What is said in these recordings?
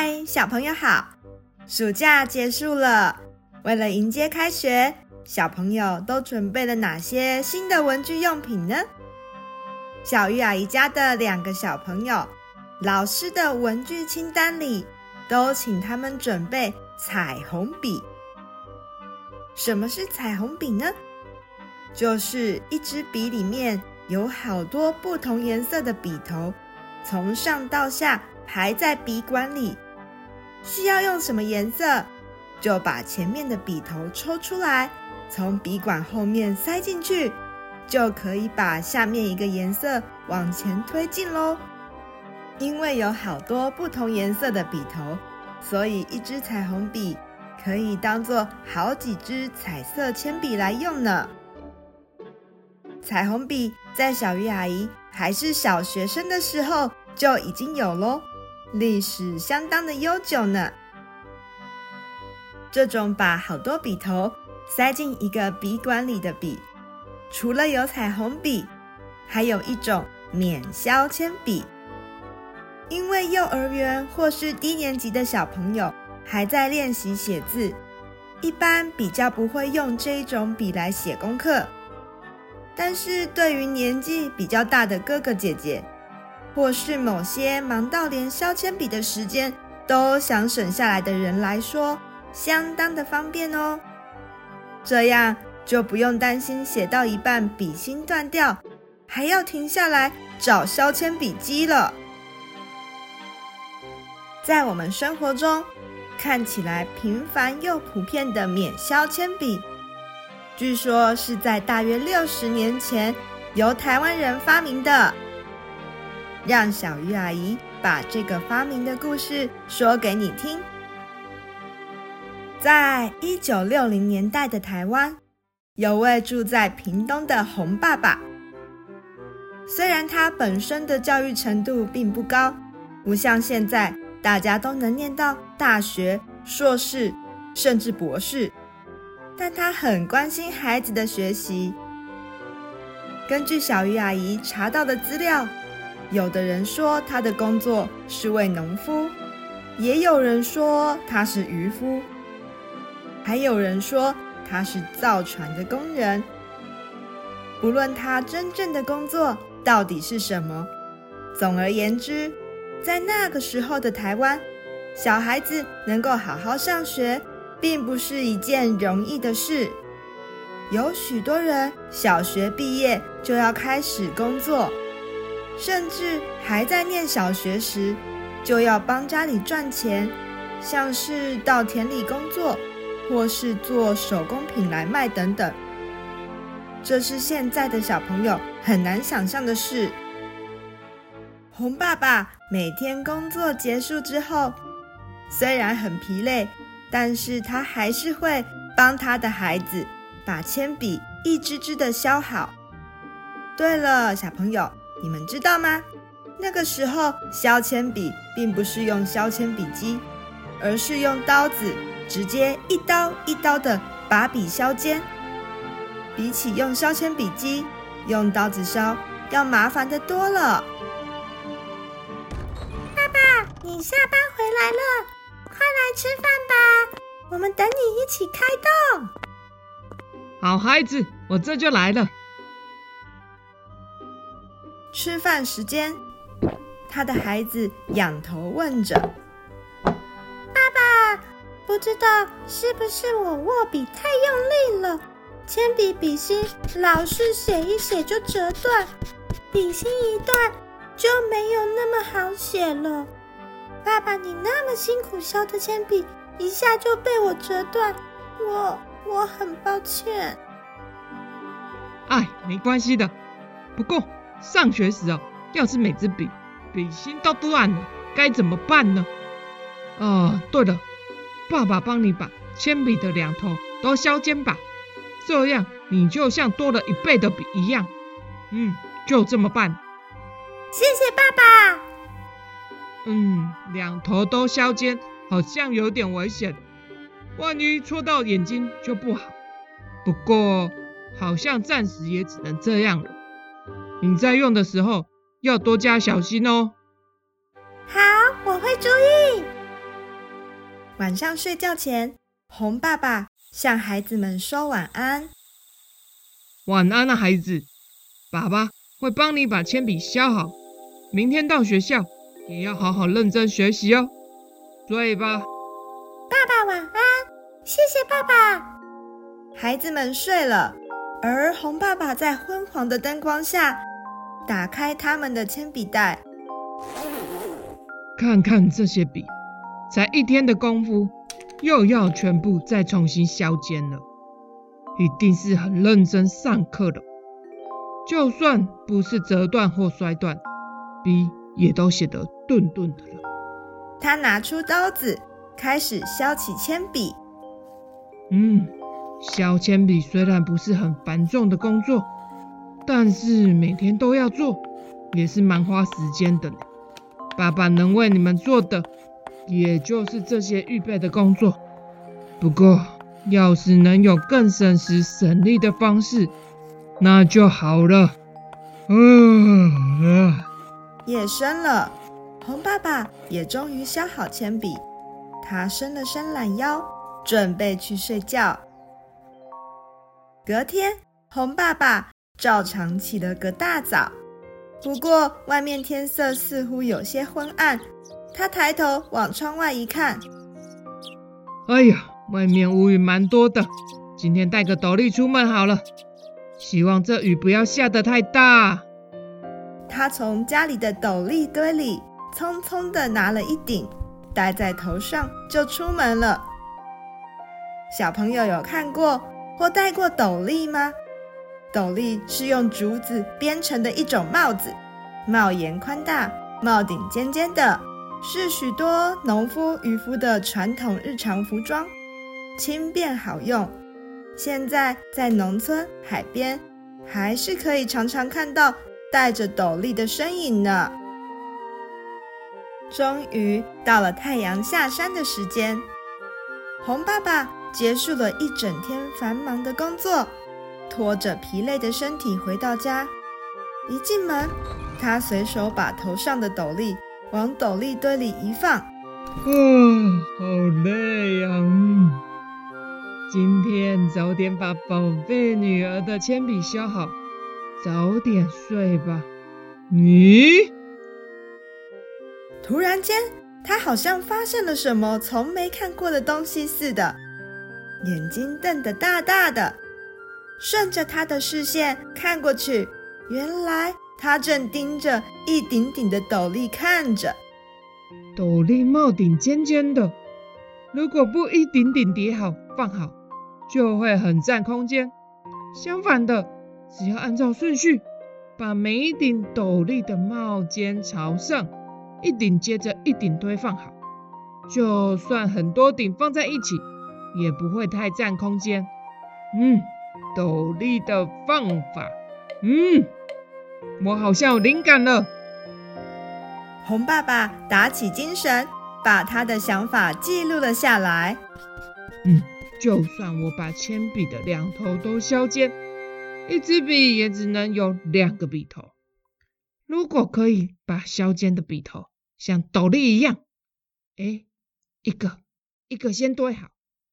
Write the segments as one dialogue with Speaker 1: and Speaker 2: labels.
Speaker 1: 嗨，Hi, 小朋友好！暑假結束了，為了迎接開學，小朋友都準備了哪些新的文具用品呢？小玉阿姨家的兩個小朋友，老師的文具清單裡都請他們準備彩虹筆。什麼是彩虹筆呢？就是一支筆裡面有好多不同顏色的筆頭，從上到下排在筆管裡。需要用什麼顏色，就把前面的筆頭抽出來，從筆管後面塞進去，就可以把下面一個顏色往前推進咯因為有好多不同顏色的筆頭，所以一支彩虹筆可以當作好幾支彩色鉛筆來用呢。彩虹筆在小魚阿姨還是小學生的時候就已經有咯歷史相當的悠久呢。這種把好多筆頭塞進一個筆管裡的筆，除了有彩虹筆，還有一種免削鉛筆。因為幼兒園或是低年級的小朋友還在練習寫字，一般比較不會用這種筆來寫功課。但是對於年紀比較大的哥哥姐姐，或是某些忙到連削鉛筆的時間都想省下來的人來說，相當的方便哦。這樣就不用擔心寫到一半筆芯斷掉，還要停下來找削鉛筆機了。在我們生活中，看起來平凡又普遍的免削鉛筆，據說是在大約六十年前由台灣人發明的。讓小魚阿姨把這個發明的故事說給你聽。在一九六零年代的台灣，有位住在屏東的洪爸爸。雖然他本身的教育程度並不高，不像現在大家都能念到大學、碩士，甚至博士，但他很關心孩子的學習。根據小魚阿姨查到的資料，有的人說他的工作是位農夫，也有人說他是漁夫，還有人說他是造船的工人。不論他真正的工作到底是什麼，總而言之，在那個時候的台灣，小孩子能夠好好上學，並不是一件容易的事。有許多人小學畢業就要開始工作。甚至還在念小學時，就要幫家裡賺錢，像是到田裡工作，或是做手工品來賣等等。這是現在的小朋友很難想象的事。洪爸爸每天工作結束之後，雖然很疲累，但是他還是會幫他的孩子把鉛筆一支支的削好。對了，小朋友。你們知道嗎？那個時候削鉛筆並不是用削鉛筆機，而是用刀子直接一刀一刀的把筆削尖。比起用削鉛筆機，用刀子削要麻煩的多了。爸爸，你下班回來了，快來吃飯吧，我們等你一起開動。
Speaker 2: 好孩子，我這就來了。
Speaker 1: 吃飯時間，他的孩子仰頭問着：“爸爸，不知道是不是我握筆太用力了，鉛筆筆芯老是寫一寫就折斷，筆芯一斷就沒有那麼好寫了。爸爸，你那麼辛苦削的鉛筆，一下就被我折斷，我我很抱歉。”
Speaker 2: 哎，沒關係的，不過。上學時哦，要是每支筆筆芯都斷了，該怎麼辦呢？哦、呃，對了，爸爸幫你把鉛筆的兩頭都削尖吧，這樣你就像多了一倍的筆一樣。嗯，就這麼辦。謝謝爸爸。嗯，兩頭都削尖好像有點危險，萬一戳到眼睛就不好。不過好像暫時也只能這樣了。你在用的時候要多加小心哦。
Speaker 1: 好，我會注意。晚上睡覺前，紅爸爸向孩子們說晚安。
Speaker 2: 晚安啊，孩子，爸爸會幫你把鉛筆削好。明天到學校也要
Speaker 1: 好好認真學習哦。睡吧，爸爸晚安，謝謝爸爸。孩子們睡了，而紅爸爸在昏黃的燈光下。打開他們的鉛筆袋，
Speaker 2: 看看這些筆，
Speaker 1: 才一天的功夫，
Speaker 2: 又要全部再重新削尖了。一定是很認真上課了，就算不是折斷或摔斷，筆也都寫得鈍鈍的了。
Speaker 1: 他拿出刀子，開始削起鉛筆。
Speaker 2: 嗯，削鉛筆雖然不是很繁重的工作。但是每天都要做，也是蠻花時間的。爸爸能為你們做的，也就是這些預備的工作。不過，要是能有更省時省力的方式，那就好
Speaker 1: 了。嗯、啊、嗯。夜深了，紅爸爸也終於削好鉛筆，他伸了伸懶腰，準備去睡覺。隔天，紅爸爸。照常起了個大早，不過外面天色似乎有些昏暗。他抬頭往窗外一看，
Speaker 2: 哎呀，外面烏雲蠻多的，今天帶個斗笠出門好了。希望這雨不要下得太大。
Speaker 1: 他從家裡的斗笠堆裡匆匆地拿了一頂，戴在頭上就出門了。小朋友有看過或戴過斗笠嗎？斗笠是用竹子編成的一種帽子，帽檐寬大，帽頂尖尖的，是許多農夫、漁夫的傳統日常服裝，輕便好用。現在在農村、海邊，還是可以常常看到戴着斗笠的身影呢。終於到了太陽下山的時間，洪爸爸結束了一整天繁忙的工作。拖着疲累的身體回到家，一進門，他隨手把頭上的斗笠往斗笠堆裡一放，啊，
Speaker 2: 好累呀！今天早點把寶貝女兒的鉛筆削好，
Speaker 1: 早點睡吧。咦？突然間，他好像發現了什麼從沒看過的東西似的，眼睛瞪得大大的。順着他的視線看過去，原來他正盯着一頂頂的斗笠看着。
Speaker 2: 斗笠帽頂尖尖的，如果不一頂頂疊好放好，就會很佔空間。相反的，只要按照順序，把每一頂斗笠的帽尖朝上，一頂接着一頂堆放好，就算很多頂放在一起，也不會太佔空間。嗯。斗笠的方法，嗯，
Speaker 1: 我好像有靈感了。洪爸爸打起精神，把他的想法記錄了下來。嗯，就算我把鉛筆的兩頭都削尖，一支筆也只能
Speaker 2: 有兩個筆頭。如果可以把削尖的筆頭像斗笠一樣，哎，一個一個先堆好，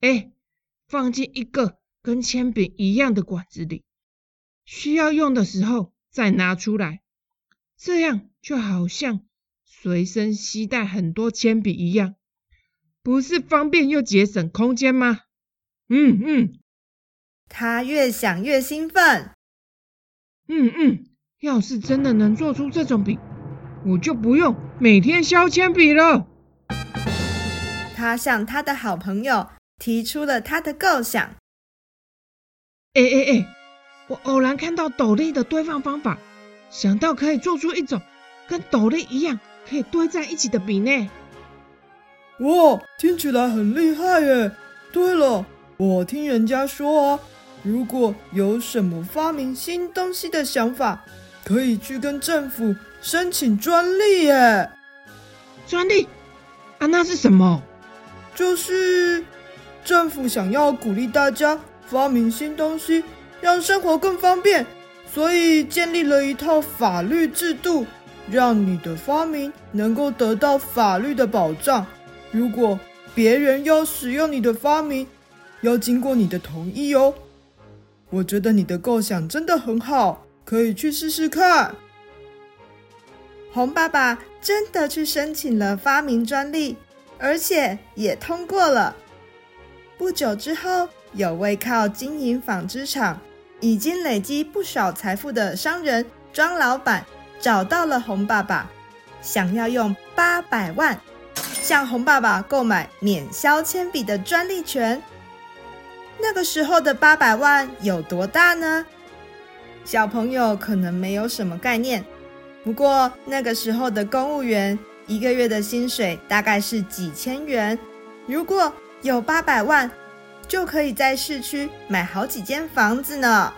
Speaker 2: 哎，放進一個。跟鉛筆一樣的管子裡，需要用的時候再拿出來，這樣就好像隨身攜帶很多鉛筆一樣，不是方便又節省空間嗎？嗯嗯。他越想越興奮。
Speaker 1: 嗯嗯，要是真的能做出這種筆，我就不用每天削鉛筆了。他向他的好朋友提出了他的構想。哎哎哎！我偶然看到斗笠的
Speaker 2: 堆放方法，想到可以做出一種跟斗笠一樣可以堆在一起的
Speaker 1: 筆呢。哇，聽起來很厲害耶！對了，我聽人家說啊，如果有什麼發明新東西的想法，可以去跟政府申請專利耶。專利？啊，那是什麼？就是政府想要鼓勵大家。發明新東西，讓生活更方便，所以建立了一套法律制度，讓你的發明能夠得到法律的保障。如果別人要使用你的發明，要經過你的同意哦。我覺得你的構想真的很好，可以去試試看。紅爸爸真的去申請了發明專利，而且也通過了。不久之後，有位靠經營紡織廠已經累積不少財富的商人莊老板，找到了洪爸爸，想要用八百萬向洪爸爸購買免削鉛筆的專利權。那個時候的八百萬有多大呢？小朋友可能沒有什麼概念。不過那個時候的公務員一個月的薪水大概是幾千元，如果有八百萬。就可以在市區買好幾間房子呢。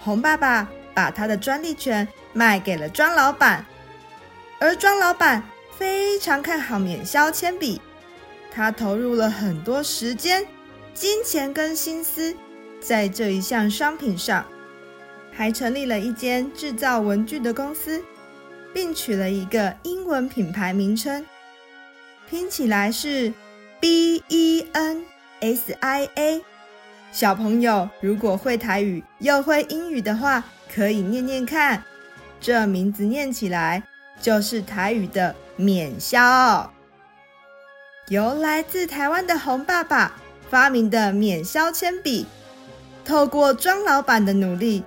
Speaker 1: 洪爸爸把他的專利權賣給了莊老闆，而莊老闆非常看好免削鉛筆，他投入了很多時間、金錢跟心思在這一項商品上，還成立了一間製造文具的公司，並取了一個英文品牌名稱，拼起來是 B E N。S, S I A，小朋友，如果會台語又會英語的話，可以念念看，這名字念起來就是台語的免削哦。由來自台灣的洪爸爸發明的免削鉛筆，透過莊老板的努力，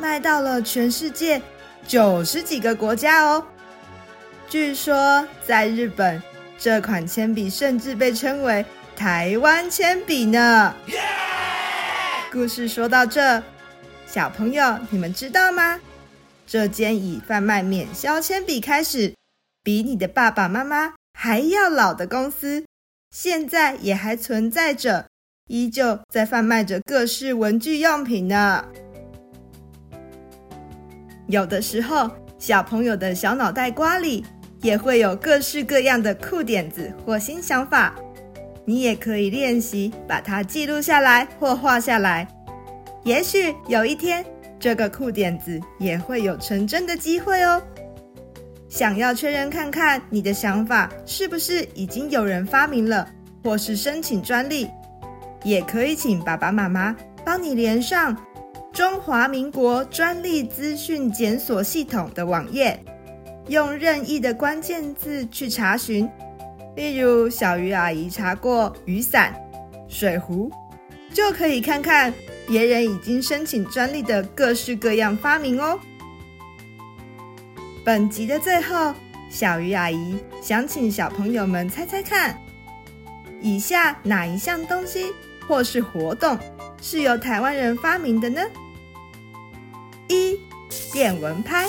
Speaker 1: 賣到了全世界九十幾個國家哦。據說在日本，這款鉛筆甚至被稱為台灣鉛筆呢。Yeah! 故事說到這，小朋友，你們知道嗎？這間以販賣免削鉛筆開始，比你的爸爸媽媽還要老的公司，現在也還存在着，依舊在販賣着各式文具用品呢。有的時候，小朋友的小腦袋瓜裡也會有各式各樣的酷點子或新想法。你也可以練習，把它記錄下來或畫下來。也許有一天，這個酷點子也會有成真的機會哦。想要確認看看你的想法是不是已經有人發明了，或是申請專利，也可以請爸爸媽媽幫你連上中華民國專利資訊檢索系統的網頁，用任意的關鍵字去查詢。例如，小魚阿姨查過雨傘、水壺，就可以看看別人已經申請專利的各式各樣發明哦。本集的最後，小魚阿姨想請小朋友們猜猜看，以下哪一項東西或是活動是由台灣人發明的呢？一、電蚊拍；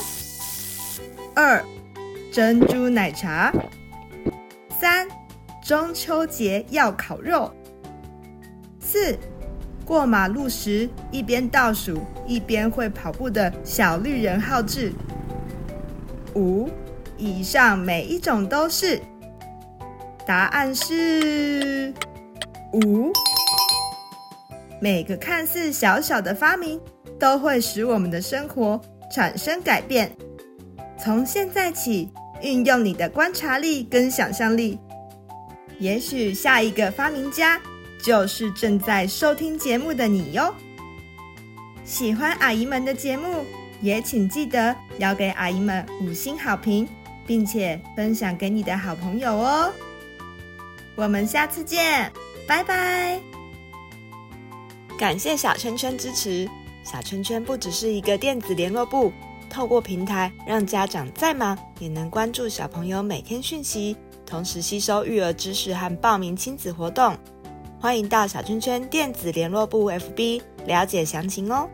Speaker 1: 二、珍珠奶茶。三，中秋節要烤肉。四，過馬路時一邊倒數，一邊會跑步的小綠人號誌。五，以上每一種都是。答案是五。每個看似小小的發明，都會使我們的生活產生改變。從現在起。運用你的觀察力跟想象力，也許下一個發明家就是正在收聽節目的你喲！喜歡阿姨們的節目，也請記得要給阿姨們五星好評，並且分享給你的好朋友哦。我們下次見，拜拜！感謝小圈圈支持，小圈圈不只是一個電子聯絡簿。透過平台，讓家長再忙也能關注小朋友每天訊息，同時吸收育兒知識和報名親子活動。歡迎到小圈圈電子聯絡簿 FB 了解詳情哦。